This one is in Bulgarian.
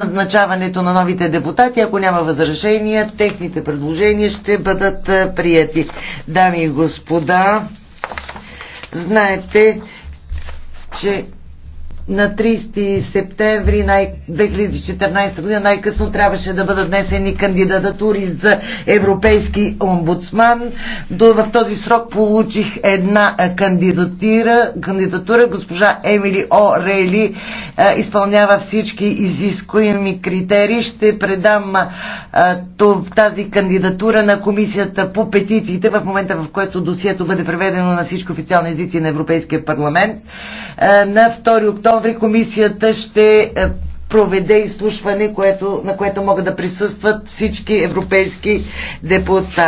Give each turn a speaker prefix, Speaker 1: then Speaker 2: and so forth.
Speaker 1: назначаването на новите депутати. Ако няма възражения, техните предложения ще бъдат е, прияти. Дами и господа, знаете, че на 30 септември 2014 година най-късно трябваше да бъдат внесени кандидатури за европейски омбудсман. До, в този срок получих една кандидатура, кандидатура госпожа Емили О. Рейли изпълнява всички изискуеми критерии. Ще предам тази кандидатура на комисията по петициите в момента, в който досието бъде преведено на всички официални езици на Европейския парламент. На 2 октомври октомври комисията ще е, проведе изслушване, което, на което могат да присъстват всички европейски депутати.